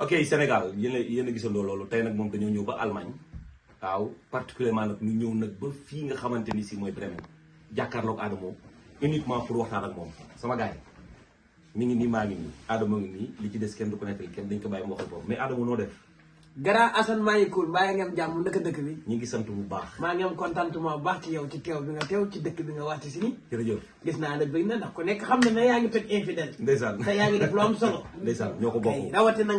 ok Sénégal yéen a yéen a gisandoo loolu tey nag moom dañoo ñëw ba Allemagne waaw particulièrement nag ñu ñëw nag ba fii nga xamante ni si mooy Bremen jàkkaarloog Adamo uniquement pour waxtaan ak moom sama gars yi mi ngi nii maa ngi nii Adamo ngi nii li ci des kenn du ko nettali kenn dañ ko bàyyi mu waxal boobu mais Adamo noo def. Grand Assane maa ngi kool mbaa ngi am jàmm naka dëkk bi ñu ngi sant bu baax maa ngi am contentement bu baax ci yow ci teew bi nga teew ci dëkk bi nga wàcc si ni jërëjëf gis naa la bëgg na ndax ku nekk xam ne na yaa ngi toj infidèle ndeysaan te yaa ngi def lu am solo ndeysaan ñoo ko bokk rawate na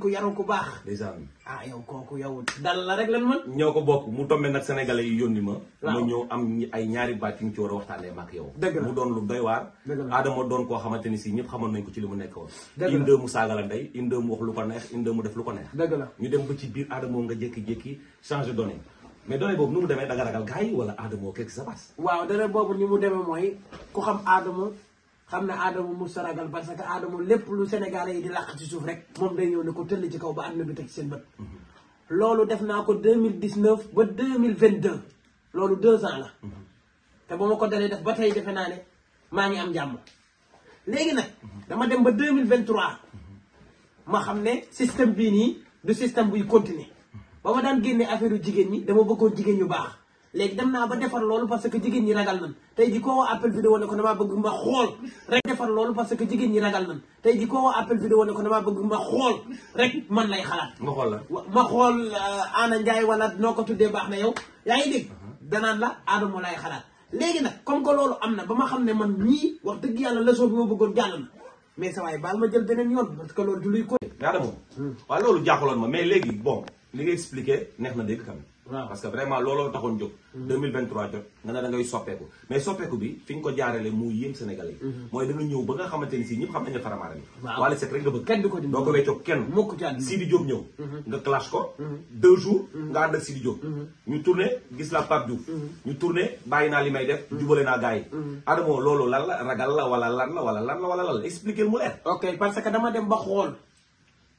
ku yaru ku baax ndeysaan ah yow kooku yow dal la rek lan man ñoo ko bokk mu tombé nag sénégalais yi yónni ma ma ñëw am ay ñaari baat ñu ci war a waxtaanee mag yow mu doon lu doy waar Adama doon koo xamante ni si ñëpp xamoon nañ ko ci li mu nekk woon indee mu saaga la ndey indee mu wax lu ko neex indee mu def lu ko neex dëgg la ñu dem ba ci biir Adama nga jékki-jékki changé donné mais donné boobu nu mu demee da nga ragal gars yi kekk sa passe waaw donné xam na Adama mu saragal parce que Adama lépp lu Sénégalais yi di làq ci suuf rek moom day ñëw ne ko tëll ci kaw ba àdduna bi teg seen bët. loolu def naa ko deux mille dix neuf ba deux mille vingt deux loolu deux ans la. te ba ma ko dalee def ba tey defe naa ne maa ngi am jàmm. léegi nag dama dem ba deux mille vingt trois ma xam ne système bii nii du système buy continuer ba ma daan génne affaire jigéen ñi dama bëggoon jigéen ñu baax. léegi dem naa ba defar loolu parce que jigéen ñi ragal nan tey ji koo woo appel vidéo ne ko damaa bëgg ma xool rek loolu parce que jigéen ñi ragal nan tey ji koo woo appel vidéo ne ko damaa bëgg ma xool man lay xalaat ma xool la ma xool Ana Ndiaye wala noo ko tuddee baax na yow yaa ngi dégg uh-huh. danaan la Adamo lay xalaat léegi nag comme que loolu am na ba ma xam ne man ñii wax dëgg yàlla leçon bi ma bëggoon jàll na mais sa waaye baal ma jël beneen yoon parce que loolu du luy ko Adamo hmm. waaw loolu jaaxaloon ma mais léegi bon li nga expliqué neex na dégg quand même parce que vraiment looloo taxoon jóg 2023 mhm. jot nga ne da ngay soppeeku mais soppeeku bi fi nga ko jaarale mu yéem Sénégalais yi mhm. mooy dañu ñëw ba nga xamante ni si ñëpp xam ne Faramareen bi Wally Seck rek nga bëgg kenn du ko dindi doo ko weccoo kenn mukk ci ànd Sidi Diop ñëw mhm. nga clash ko deux jours ñu tourné gis la Pape Diouf ñu tourné bàyyi naa li may def jubale naa gars yi Adamo loolu lan la ragal la wala lan la wala lan la wala lan la expliquer mu leer ok parce que dama dem ba xool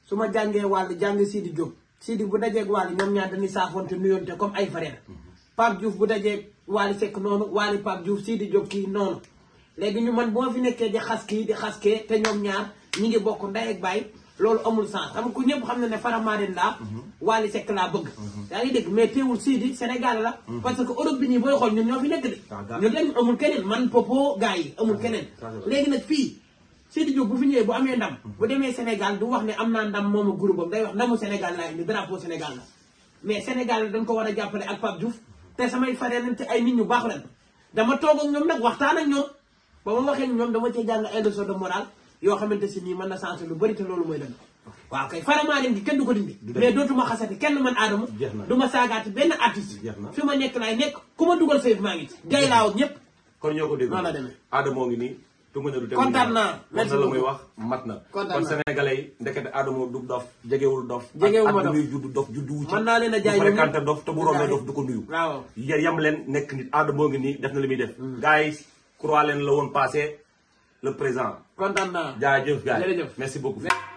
su ma jàngee wàll jàng Sidi Diop Sidi bu dajeeg Waly ñoom ñaar dañuy saafoonte nuyoonte comme ay frère Pape Diouf bu dajeeg Waly sekk noonu Waly Pape Diouf Sidi Diop kii noonu léegi ñu man boo fi nekkee di xas kii di xas kee te ñoom ñaar ñi ngi bokk ndey ak baay loolu amul sens xam ku ñëpp xam na ne Faramareen laa mhm. Waly sekk laa bëgg mhm. yaa ngi dégg mais teewul di Sénégal la mhm. parce que Europe bi ñu booy xool ñun ñoo fi nekk de ah, ñu leen amul keneen man popo gars yi amul ah, keneen léegi nag fii Seydi Diop bu fi ñëwee bu amee ndam bu demee Sénégal du wax ne am naa ndam moomu groupe am day wax ndamu Sénégal laa indi drapeau Sénégal la mais Sénégal dañ ko war a jàppale ak Pape Diouf samay faree lañ ay nit ñu baax lañ dama toog ak ñoom waxtaan ak ñoom ba ma dama yoo xamante si nii mën na sensé lu bëri te loolu mooy dëgg waaw kay faramaaren gi kenn du ko dindi mais dootuma xasati kenn man aadama ma saagaati benn artiste fi ma nekk laay nekk maa ngi ci gay laaw ñëpp kon ñoo ko dégg noonu ngi nii tungu na du tegu kontaan naa merci la muy wax mat na. kontaan naa kon sénégalais yi ndekete Adamo du dof jegewul wul jegewuma dof ak muy judd dof juddu wu ci. mën naa leen a jaay ñoom kanta dof te bu rombee dof du ko nuyu. waaw yam leen nekk nit Adamo ngi nii def na li muy def. Mm. gars yi croix la woon passé le présent. kontaan naa jaajëf gars yi merci beaucoup.